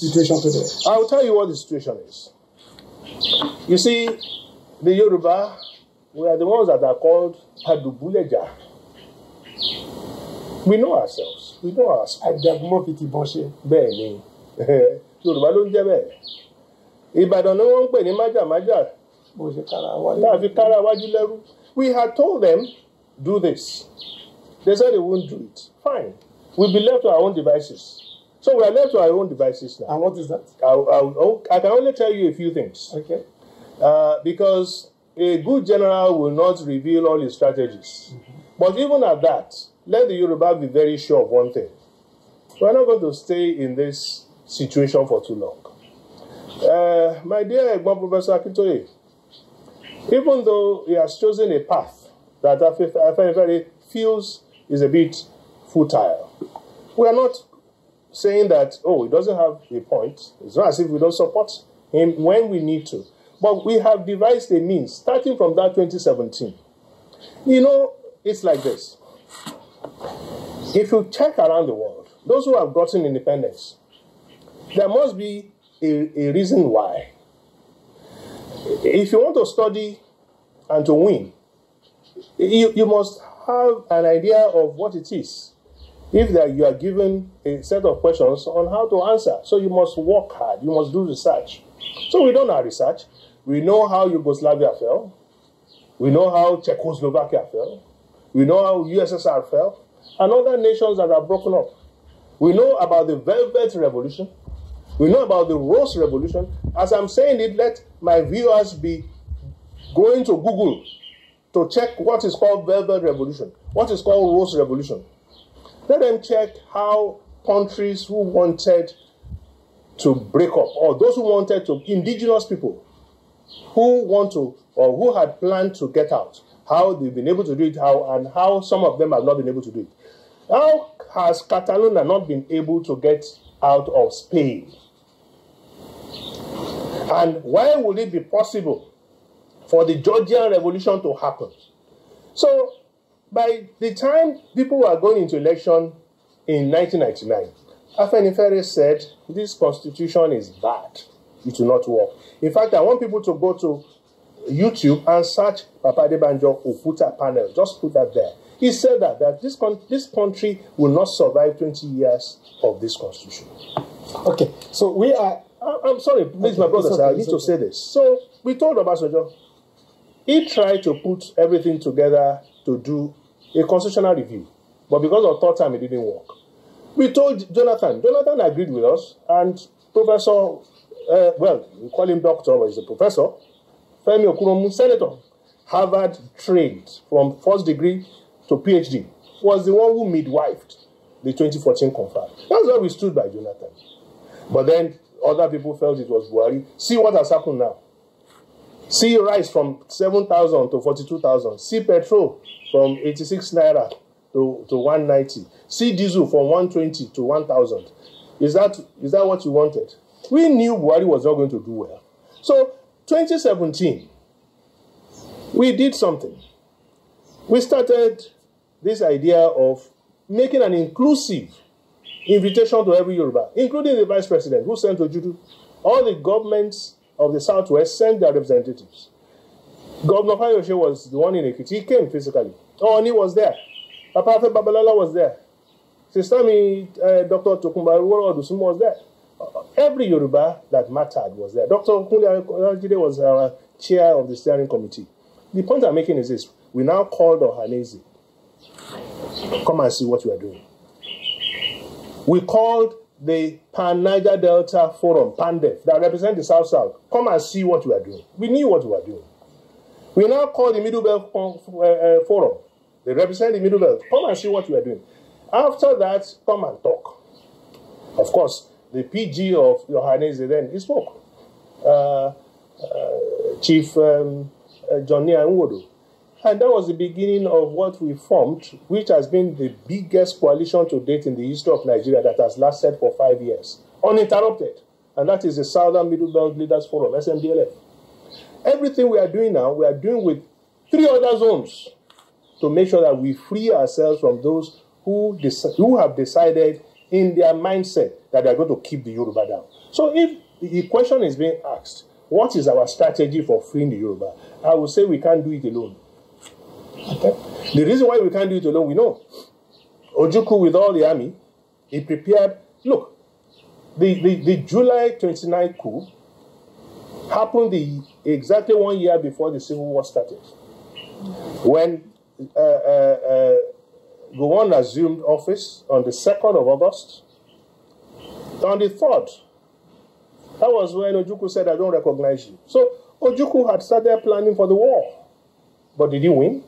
situation today? I'll tell you what the situation is. You see, the Yoruba, we are the ones that are called Padubuleja. We know ourselves. We know ourselves. Àjàgùnmọ́ fi ti bọ́ ṣe. Bẹ́ẹ̀ ni ni wọ́n ń We had told them, do this. They said they won't do it. Fine. We'll be left to our own devices. So we are left to our own devices now. And what is that? I, I, I can only tell you a few things. Okay. Uh, because a good general will not reveal all his strategies. Mm -hmm. But even at that, let the Yoruba be very sure of one thing. We're not going to stay in this situation for too long. Uh, my dear Egbon Professor Akintoye, even though he has chosen a path that very feels is a bit futile, we are not saying that, oh, he doesn't have a point, it's not as if we don't support him when we need to. But we have devised a means, starting from that 2017. You know, it's like this. If you check around the world, those who have gotten independence, there must be a, a reason why. If you want to study and to win, you, you must have an idea of what it is if that you are given a set of questions on how to answer. So you must work hard, you must do research. So we done our research. We know how Yugoslavia fell. We know how Czechoslovakia fell. We know how USSR fell and other nations that are broken up. We know about the Velvet Revolution. We know about the Rose Revolution. As I'm saying it, let my viewers be going to Google to check what is called Velvet Revolution, what is called Rose Revolution. Let them check how countries who wanted to break up, or those who wanted to, indigenous people who want to, or who had planned to get out, how they've been able to do it, how and how some of them have not been able to do it. How has Catalonia not been able to get out of Spain? And why would it be possible for the Georgian Revolution to happen? So by the time people were going into election in 1999, Ferre said, This constitution is bad. It will not work. In fact, I want people to go to YouTube and search Papa Debanjo Ofuta panel. Just put that there. He said that, that this, con- this country will not survive 20 years of this constitution. Okay, so we are. I- am sorry, please, okay, my brother, okay, I need okay. to say this. So we told Obasanjo, he tried to put everything together to do a constitutional review, but because of third time it didn't work. We told Jonathan. Jonathan agreed with us, and Professor, uh, well, we call him doctor, but he's a professor, Femi Okunomu, senator, Harvard trained from first degree to PhD, was the one who midwifed the 2014 conference. That's why we stood by Jonathan. But then other people felt it was Buhari. See what has happened now. See rice from 7,000 to 42,000. See petrol from 86 naira to, to 190. See diesel from 120 to 1,000. Is that, is that what you wanted? We knew Buhari was not going to do well. So 2017, we did something. We started this idea of making an inclusive invitation to every Yoruba, including the vice president who sent to Judu, all the governments of the Southwest sent their representatives. Governor Fayoshe was the one in Ekiti. He came physically. Oh, and he was there. Papa Babalala was there. Sister me, uh, Dr. Tokunba Odusumo was there. every Yoruba that mattered was there. Dr. Kunle Ayajide was our chair of the steering committee. The point I'm making is this. We now called Ohanese. Come and see what we are doing. We called the Pan Niger Delta Forum, PANDEF, that represent the South South, come and see what we are doing. We knew what we were doing. We now call the Middle Belt eh, eh, Forum. They represent the Middle Belt. Come and see what we are doing. After that, come and talk. Of course, the PG of Johannes then, he spoke. Uh, uh, Chief um, eh, Johnny Anwodo And that was the beginning of what we formed, which has been the biggest coalition to date in the history of Nigeria that has lasted for five years, uninterrupted. And that is the Southern Middle Belt Leaders Forum, SMDLF. Everything we are doing now, we are doing with three other zones to make sure that we free ourselves from those who, who have decided in their mindset that they are going to keep the Yoruba down. So if the question is being asked, what is our strategy for freeing the Yoruba? I would say we can't do it alone. Okay? The reason why we can't do it alone, we know. Ojuku, with all the army, he prepared. Look, the, the, the July 29 coup happened the, exactly one year before the Civil War started. When uh, uh, uh, Gowon assumed office on the 2nd of August, on the 3rd, that was when Ojuku said, I don't recognize you. So Ojuku had started planning for the war, but did he win?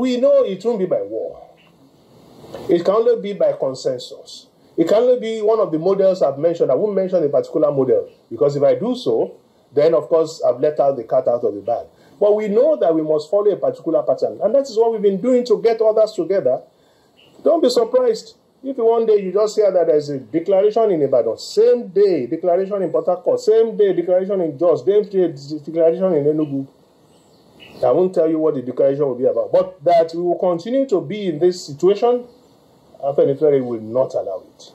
we know it won't be by war. It can only be by consensus. It can only be one of the models I've mentioned. I won't mention a particular model because if I do so, then of course I've let out the cat out of the bag. But we know that we must follow a particular pattern, and that is what we've been doing to get others together. Don't be surprised if one day you just hear that there's a declaration in Ibadan, same day declaration in Port same day declaration in Jos, same day declaration in Enugu. I won't tell you what the declaration will be about, but that we will continue to be in this situation, Afenifere will not allow it.